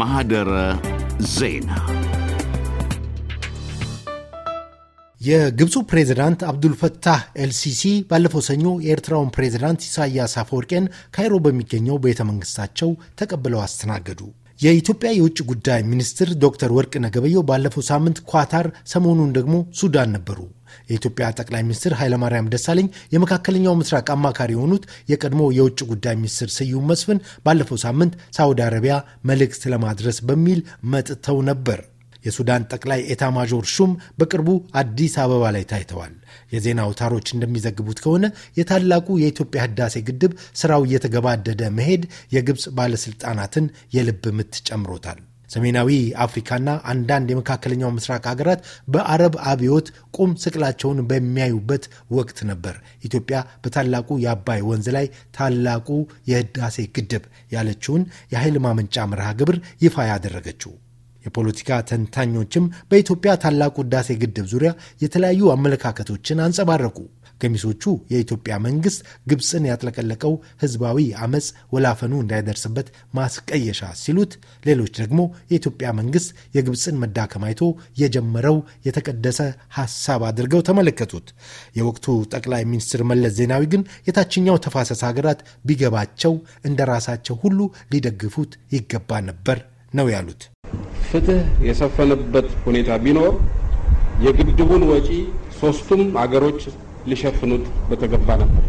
ማህደረ ዜና። የግብፁ ፕሬዝዳንት አብዱልፈታህ ኤልሲሲ ባለፈው ሰኞ የኤርትራውን ፕሬዝዳንት ኢሳያስ አፈወርቄን ካይሮ በሚገኘው ቤተ መንግስታቸው ተቀብለው አስተናገዱ። የኢትዮጵያ የውጭ ጉዳይ ሚኒስትር ዶክተር ወርቅነህ ገበየሁ ባለፈው ሳምንት ኳታር፣ ሰሞኑን ደግሞ ሱዳን ነበሩ። የኢትዮጵያ ጠቅላይ ሚኒስትር ኃይለማርያም ደሳለኝ የመካከለኛው ምስራቅ አማካሪ የሆኑት የቀድሞ የውጭ ጉዳይ ሚኒስትር ስዩም መስፍን ባለፈው ሳምንት ሳውዲ አረቢያ መልእክት ለማድረስ በሚል መጥተው ነበር። የሱዳን ጠቅላይ ማዦር ሹም በቅርቡ አዲስ አበባ ላይ ታይተዋል። የዜና አውታሮች እንደሚዘግቡት ከሆነ የታላቁ የኢትዮጵያ ህዳሴ ግድብ ስራው እየተገባደደ መሄድ የግብፅ ባለስልጣናትን የልብ ምት ጨምሮታል። ሰሜናዊ አፍሪካና አንዳንድ የመካከለኛው ምስራቅ ሀገራት በአረብ አብዮት ቁም ስቅላቸውን በሚያዩበት ወቅት ነበር ኢትዮጵያ በታላቁ የአባይ ወንዝ ላይ ታላቁ የህዳሴ ግድብ ያለችውን የኃይል ማመንጫ መርሃ ግብር ይፋ ያደረገችው። የፖለቲካ ተንታኞችም በኢትዮጵያ ታላቁ ህዳሴ ግድብ ዙሪያ የተለያዩ አመለካከቶችን አንጸባረቁ። ገሚሶቹ የኢትዮጵያ መንግስት ግብፅን ያጥለቀለቀው ህዝባዊ አመፅ ወላፈኑ እንዳይደርስበት ማስቀየሻ ሲሉት፣ ሌሎች ደግሞ የኢትዮጵያ መንግስት የግብፅን መዳከም አይቶ የጀመረው የተቀደሰ ሐሳብ አድርገው ተመለከቱት። የወቅቱ ጠቅላይ ሚኒስትር መለስ ዜናዊ ግን የታችኛው ተፋሰስ ሀገራት ቢገባቸው እንደ ራሳቸው ሁሉ ሊደግፉት ይገባ ነበር ነው ያሉት። ፍትህ የሰፈነበት ሁኔታ ቢኖር የግድቡን ወጪ ሶስቱም አገሮች ሊሸፍኑት በተገባ ነበር።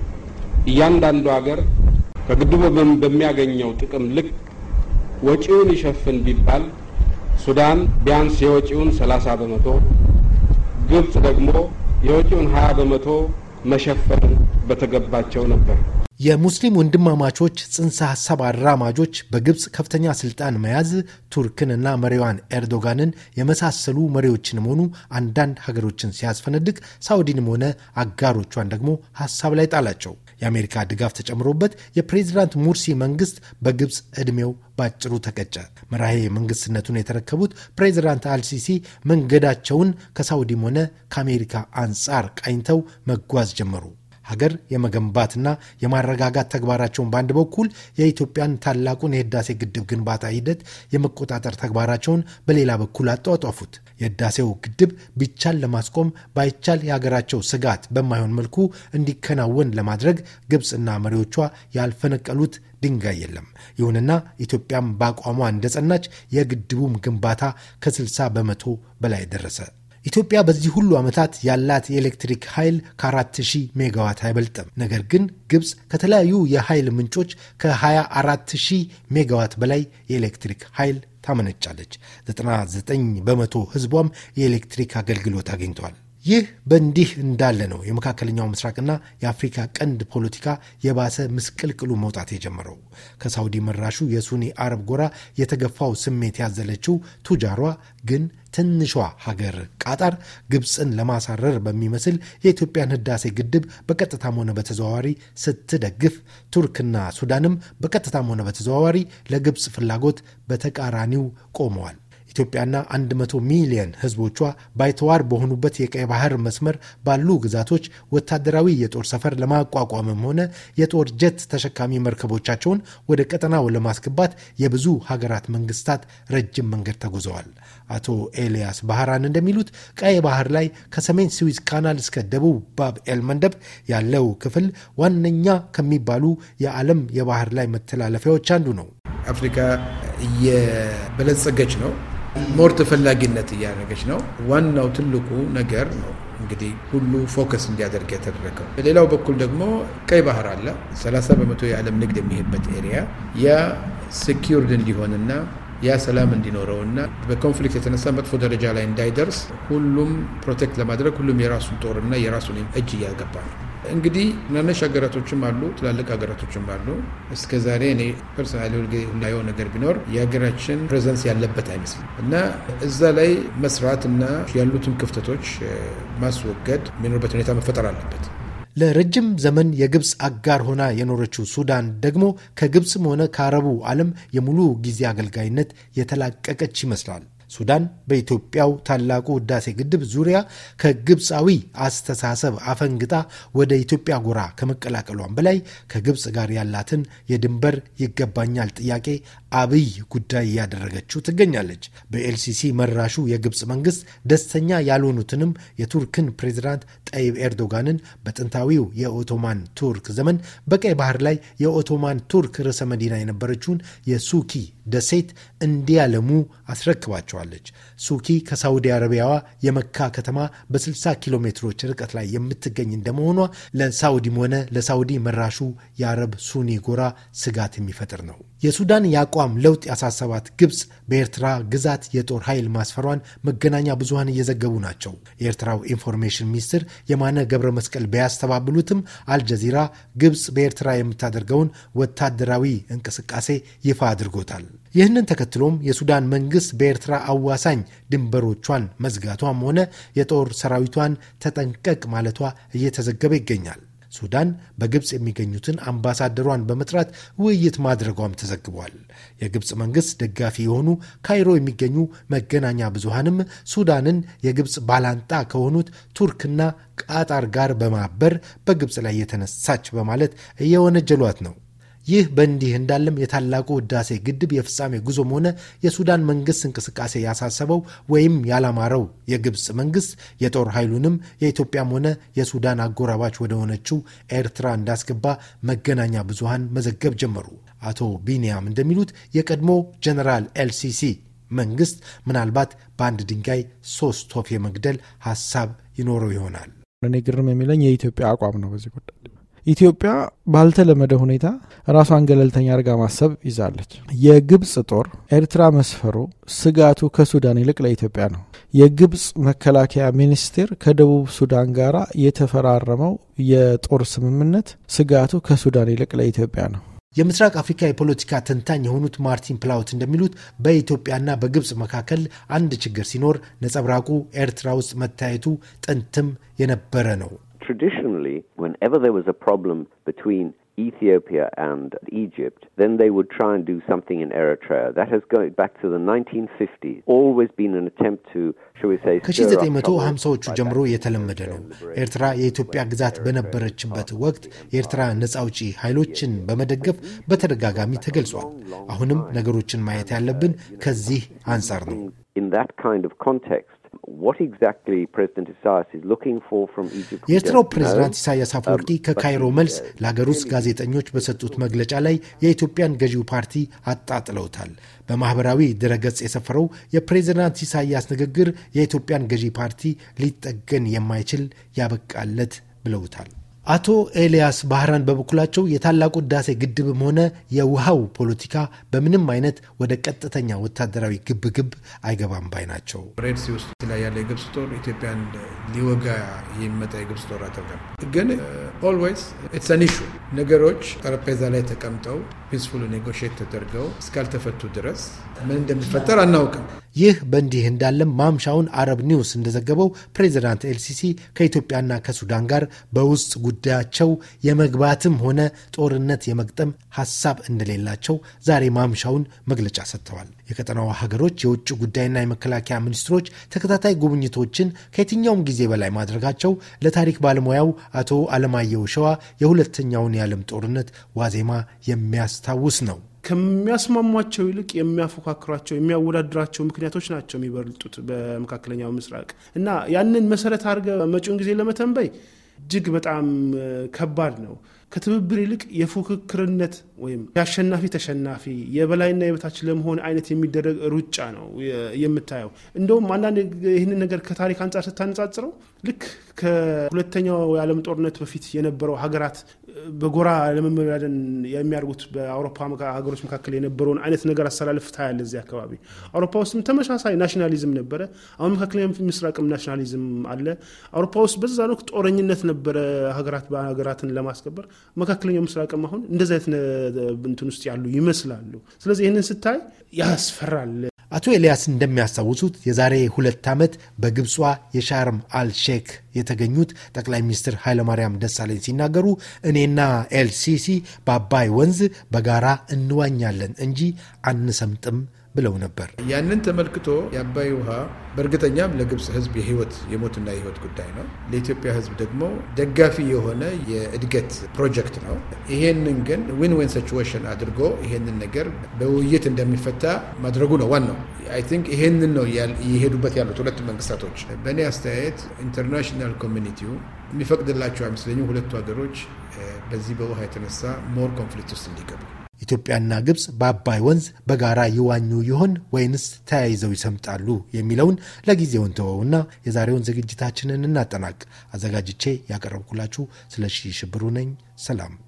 እያንዳንዱ ሀገር ከግድቡ በሚያገኘው ጥቅም ልክ ወጪውን ይሸፍን ቢባል ሱዳን ቢያንስ የወጪውን 30 በመቶ፣ ግብፅ ደግሞ የወጪውን 20 በመቶ መሸፈን በተገባቸው ነበር። የሙስሊም ወንድማማቾች ጽንሰ ሐሳብ አራማጆች በግብፅ ከፍተኛ ስልጣን መያዝ ቱርክንና መሪዋን ኤርዶጋንን የመሳሰሉ መሪዎችንም ሆኑ አንዳንድ ሀገሮችን ሲያስፈነድቅ ሳውዲንም ሆነ አጋሮቿን ደግሞ ሐሳብ ላይ ጣላቸው። የአሜሪካ ድጋፍ ተጨምሮበት የፕሬዚዳንት ሙርሲ መንግስት በግብፅ ዕድሜው ባጭሩ ተቀጨ። መራሄ መንግስትነቱን የተረከቡት ፕሬዚዳንት አልሲሲ መንገዳቸውን ከሳውዲም ሆነ ከአሜሪካ አንጻር ቃኝተው መጓዝ ጀመሩ። ሀገር የመገንባትና የማረጋጋት ተግባራቸውን በአንድ በኩል የኢትዮጵያን ታላቁን የህዳሴ ግድብ ግንባታ ሂደት የመቆጣጠር ተግባራቸውን በሌላ በኩል አጧጧፉት። የህዳሴው ግድብ ቢቻል ለማስቆም ባይቻል የሀገራቸው ስጋት በማይሆን መልኩ እንዲከናወን ለማድረግ ግብፅና መሪዎቿ ያልፈነቀሉት ድንጋይ የለም። ይሁንና ኢትዮጵያም በአቋሟ እንደጸናች የግድቡም ግንባታ ከ60 በመቶ በላይ ደረሰ። ኢትዮጵያ በዚህ ሁሉ ዓመታት ያላት የኤሌክትሪክ ኃይል ከ4000 ሜጋዋት አይበልጥም። ነገር ግን ግብፅ ከተለያዩ የኃይል ምንጮች ከ24000 ሜጋዋት በላይ የኤሌክትሪክ ኃይል ታመነጫለች። 99 በመቶ ህዝቧም የኤሌክትሪክ አገልግሎት አግኝቷል። ይህ በእንዲህ እንዳለ ነው የመካከለኛው ምስራቅና የአፍሪካ ቀንድ ፖለቲካ የባሰ ምስቅልቅሉ መውጣት የጀመረው። ከሳውዲ መራሹ የሱኒ አረብ ጎራ የተገፋው ስሜት ያዘለችው ቱጃሯ ግን ትንሿ ሀገር ቃጣር ግብፅን ለማሳረር በሚመስል የኢትዮጵያን ህዳሴ ግድብ በቀጥታም ሆነ በተዘዋዋሪ ስትደግፍ፣ ቱርክና ሱዳንም በቀጥታም ሆነ በተዘዋዋሪ ለግብፅ ፍላጎት በተቃራኒው ቆመዋል። ኢትዮጵያና 100 ሚሊየን ህዝቦቿ ባይተዋር በሆኑበት የቀይ ባህር መስመር ባሉ ግዛቶች ወታደራዊ የጦር ሰፈር ለማቋቋምም ሆነ የጦር ጀት ተሸካሚ መርከቦቻቸውን ወደ ቀጠናው ለማስገባት የብዙ ሀገራት መንግስታት ረጅም መንገድ ተጉዘዋል። አቶ ኤልያስ ባህራን እንደሚሉት ቀይ ባህር ላይ ከሰሜን ስዊዝ ካናል እስከ ደቡብ ባብ ኤል መንደብ ያለው ክፍል ዋነኛ ከሚባሉ የዓለም የባህር ላይ መተላለፊያዎች አንዱ ነው። አፍሪካ እየበለጸገች ነው። ሞር ተፈላጊነት እያደረገች ነው። ዋናው ትልቁ ነገር ነው እንግዲህ ሁሉ ፎከስ እንዲያደርግ የተደረገው። በሌላው በኩል ደግሞ ቀይ ባህር አለ። 30 በመቶ የዓለም ንግድ የሚሄድበት ኤሪያ ያ ሴኪርድ እንዲሆንና ያ ሰላም ና በኮንፍሊክት የተነሳ መጥፎ ደረጃ ላይ እንዳይደርስ ሁሉም ፕሮቴክት ለማድረግ ሁሉም የራሱን ጦርና የራሱን እጅ እያገባ ነው። እንግዲህ ትናንሽ ሀገራቶችም አሉ፣ ትላልቅ ሀገራቶችም አሉ። እስከ ዛሬ እኔ ፐርሰናሊ ሁልጊዜ የማየው ነገር ቢኖር የሀገራችን ፕሬዘንስ ያለበት አይመስልም እና እዛ ላይ መስራት እና ያሉትን ክፍተቶች ማስወገድ የሚኖርበት ሁኔታ መፈጠር አለበት። ለረጅም ዘመን የግብፅ አጋር ሆና የኖረችው ሱዳን ደግሞ ከግብፅም ሆነ ከአረቡ ዓለም የሙሉ ጊዜ አገልጋይነት የተላቀቀች ይመስላል። ሱዳን በኢትዮጵያው ታላቁ ህዳሴ ግድብ ዙሪያ ከግብፃዊ አስተሳሰብ አፈንግጣ ወደ ኢትዮጵያ ጎራ ከመቀላቀሏን በላይ ከግብፅ ጋር ያላትን የድንበር ይገባኛል ጥያቄ አብይ ጉዳይ እያደረገችው ትገኛለች። በኤልሲሲ መራሹ የግብፅ መንግስት ደስተኛ ያልሆኑትንም የቱርክን ፕሬዚዳንት ጠይብ ኤርዶጋንን በጥንታዊው የኦቶማን ቱርክ ዘመን በቀይ ባህር ላይ የኦቶማን ቱርክ ርዕሰ መዲና የነበረችውን የሱኪ ደሴት እንዲያለሙ አስረክባቸዋል። ተናግሯለች። ሱኪ ከሳውዲ አረቢያዋ የመካ ከተማ በ60 ኪሎ ሜትሮች ርቀት ላይ የምትገኝ እንደመሆኗ ለሳውዲም ሆነ ለሳውዲ መራሹ የአረብ ሱኒ ጎራ ስጋት የሚፈጥር ነው። የሱዳን የአቋም ለውጥ ያሳሰባት ግብፅ በኤርትራ ግዛት የጦር ኃይል ማስፈሯን መገናኛ ብዙሀን እየዘገቡ ናቸው። የኤርትራው ኢንፎርሜሽን ሚኒስትር የማነ ገብረ መስቀል ቢያስተባብሉትም አልጀዚራ ግብፅ በኤርትራ የምታደርገውን ወታደራዊ እንቅስቃሴ ይፋ አድርጎታል። ይህንን ተከትሎም የሱዳን መንግስት በኤርትራ አዋሳኝ ድንበሮቿን መዝጋቷም ሆነ የጦር ሰራዊቷን ተጠንቀቅ ማለቷ እየተዘገበ ይገኛል። ሱዳን በግብፅ የሚገኙትን አምባሳደሯን በመጥራት ውይይት ማድረጓም ተዘግቧል። የግብፅ መንግስት ደጋፊ የሆኑ ካይሮ የሚገኙ መገናኛ ብዙሃንም ሱዳንን የግብፅ ባላንጣ ከሆኑት ቱርክና ቃጣር ጋር በማበር በግብፅ ላይ የተነሳች በማለት እየወነጀሏት ነው። ይህ በእንዲህ እንዳለም የታላቁ ህዳሴ ግድብ የፍጻሜ ጉዞም ሆነ የሱዳን መንግስት እንቅስቃሴ ያሳሰበው ወይም ያላማረው የግብፅ መንግስት የጦር ኃይሉንም የኢትዮጵያም ሆነ የሱዳን አጎራባች ወደሆነችው ኤርትራ እንዳስገባ መገናኛ ብዙሃን መዘገብ ጀመሩ። አቶ ቢንያም እንደሚሉት የቀድሞ ጀነራል ኤልሲሲ መንግስት ምናልባት በአንድ ድንጋይ ሶስት ወፍ የመግደል ሀሳብ ይኖረው ይሆናል። እኔ ግርም የሚለኝ የኢትዮጵያ አቋም ነው በዚህ ጉዳይ ኢትዮጵያ ባልተለመደ ሁኔታ ራሷን ገለልተኛ አርጋ ማሰብ ይዛለች። የግብፅ ጦር ኤርትራ መስፈሩ ስጋቱ ከሱዳን ይልቅ ለኢትዮጵያ ነው። የግብፅ መከላከያ ሚኒስቴር ከደቡብ ሱዳን ጋር የተፈራረመው የጦር ስምምነት ስጋቱ ከሱዳን ይልቅ ለኢትዮጵያ ነው። የምስራቅ አፍሪካ የፖለቲካ ተንታኝ የሆኑት ማርቲን ፕላውት እንደሚሉት በኢትዮጵያና በግብፅ መካከል አንድ ችግር ሲኖር ነጸብራቁ ኤርትራ ውስጥ መታየቱ ጥንትም የነበረ ነው። traditionally, whenever there was a problem between Ethiopia and Egypt, then they would try and do something in Eritrea. That has gone back to the 1950s, always been an attempt to, shall we say, ከ1950ዎቹ ጀምሮ የተለመደ ነው። ኤርትራ የኢትዮጵያ ግዛት በነበረችበት ወቅት የኤርትራ ነጻ አውጪ ኃይሎችን በመደገፍ በተደጋጋሚ ተገልጿል። አሁንም ነገሮችን ማየት ያለብን ከዚህ አንጻር ነው። In that kind of context, የኤርትራው ፕሬዝዳንት ኢሳያስ um, አፈወርቂ ከካይሮ መልስ uh, ለሀገር ውስጥ ጋዜጠኞች በሰጡት መግለጫ ላይ የኢትዮጵያን ገዢው ፓርቲ አጣጥለውታል። በማህበራዊ ድረገጽ የሰፈረው የፕሬዚዳንት ኢሳያስ ንግግር የኢትዮጵያን ገዢ ፓርቲ ሊጠገን የማይችል ያበቃለት ብለውታል። አቶ ኤልያስ ባህራን በበኩላቸው የታላቁ ህዳሴ ግድብም ሆነ የውሃው ፖለቲካ በምንም አይነት ወደ ቀጥተኛ ወታደራዊ ግብግብ አይገባም ባይ ናቸው። ሬድሲ ውስጥ ላይ ያለ የግብጽ ጦር ኢትዮጵያን ሊወጋ የሚመጣ የግብጽ ጦር አይደለም። ግን ኦልዌይስ ኢትስ አን ኢሹ ነገሮች ጠረጴዛ ላይ ተቀምጠው ፒስፉል ኔጎሽት ተደርገው እስካልተፈቱ ድረስ ምን እንደሚፈጠር አናውቅም። ይህ በእንዲህ እንዳለም ማምሻውን አረብ ኒውስ እንደዘገበው ፕሬዚዳንት ኤልሲሲ ከኢትዮጵያና ከሱዳን ጋር በውስጥ ጉዳያቸው የመግባትም ሆነ ጦርነት የመግጠም ሀሳብ እንደሌላቸው ዛሬ ማምሻውን መግለጫ ሰጥተዋል። የቀጠናው ሀገሮች የውጭ ጉዳይና የመከላከያ ሚኒስትሮች ተከታታይ ጉብኝቶችን ከየትኛውም ጊዜ በላይ ማድረጋቸው ለታሪክ ባለሙያው አቶ አለማየሁ ሸዋ የሁለተኛውን የዓለም ጦርነት ዋዜማ የሚያስታውስ ነው። ከሚያስማሟቸው ይልቅ የሚያፎካክሯቸው የሚያወዳድራቸው ምክንያቶች ናቸው የሚበልጡት በመካከለኛው ምስራቅ እና ያንን መሰረት አድርገ መጪውን ጊዜ ለመተንበይ እጅግ በጣም ከባድ ነው። ከትብብር ይልቅ የፉክክርነት ወይም የአሸናፊ ተሸናፊ የበላይና የበታች ለመሆን አይነት የሚደረግ ሩጫ ነው የምታየው። እንደውም አንዳንድ ይህንን ነገር ከታሪክ አንጻር ስታነጻጽረው ልክ ከሁለተኛው የዓለም ጦርነት በፊት የነበረው ሀገራት በጎራ ለመመዳደን የሚያደርጉት በአውሮፓ ሀገሮች መካከል የነበረውን አይነት ነገር አሰላልፍ ታያለ። እዚህ አካባቢ አውሮፓ ውስጥም ተመሳሳይ ናሽናሊዝም ነበረ። አሁን መካከለኛ ምስራቅም ናሽናሊዝም አለ። አውሮፓ ውስጥ በዛ ወቅት ጦረኝነት ነበረ፣ ሀገራት በሀገራትን ለማስከበር። መካከለኛው ምስራቅም አሁን እንደዚ አይነት እንትን ውስጥ ያሉ ይመስላሉ። ስለዚህ ይህንን ስታይ ያስፈራል። አቶ ኤልያስ እንደሚያስታውሱት የዛሬ ሁለት ዓመት በግብጿ የሻርም አልሼክ የተገኙት ጠቅላይ ሚኒስትር ኃይለማርያም ደሳለኝ ሲናገሩ እኔና ኤልሲሲ በአባይ ወንዝ በጋራ እንዋኛለን እንጂ አንሰምጥም ብለው ነበር። ያንን ተመልክቶ የአባይ ውሃ በእርግጠኛም ለግብፅ ህዝብ የህይወት የሞትና የህይወት ጉዳይ ነው። ለኢትዮጵያ ህዝብ ደግሞ ደጋፊ የሆነ የእድገት ፕሮጀክት ነው። ይሄንን ግን ዊን ዊን ሲቹዌሽን አድርጎ ይሄንን ነገር በውይይት እንደሚፈታ ማድረጉ ነው ዋናው። አይ ቲንክ ይሄንን ነው እየሄዱበት ያሉት ሁለት መንግስታቶች። በእኔ አስተያየት ኢንተርናሽናል ኮሚኒቲው የሚፈቅድላቸው አይመስለኝም ሁለቱ ሀገሮች በዚህ በውሃ የተነሳ ሞር ኮንፍሊክት ውስጥ እንዲገቡ ኢትዮጵያና ግብፅ በአባይ ወንዝ በጋራ ይዋኙ ይሆን ወይንስ ተያይዘው ይሰምጣሉ የሚለውን ለጊዜው እንተወውና የዛሬውን ዝግጅታችንን እናጠናቅ። አዘጋጅቼ ያቀረብኩላችሁ ስለሺ ሽብሩ ነኝ። ሰላም።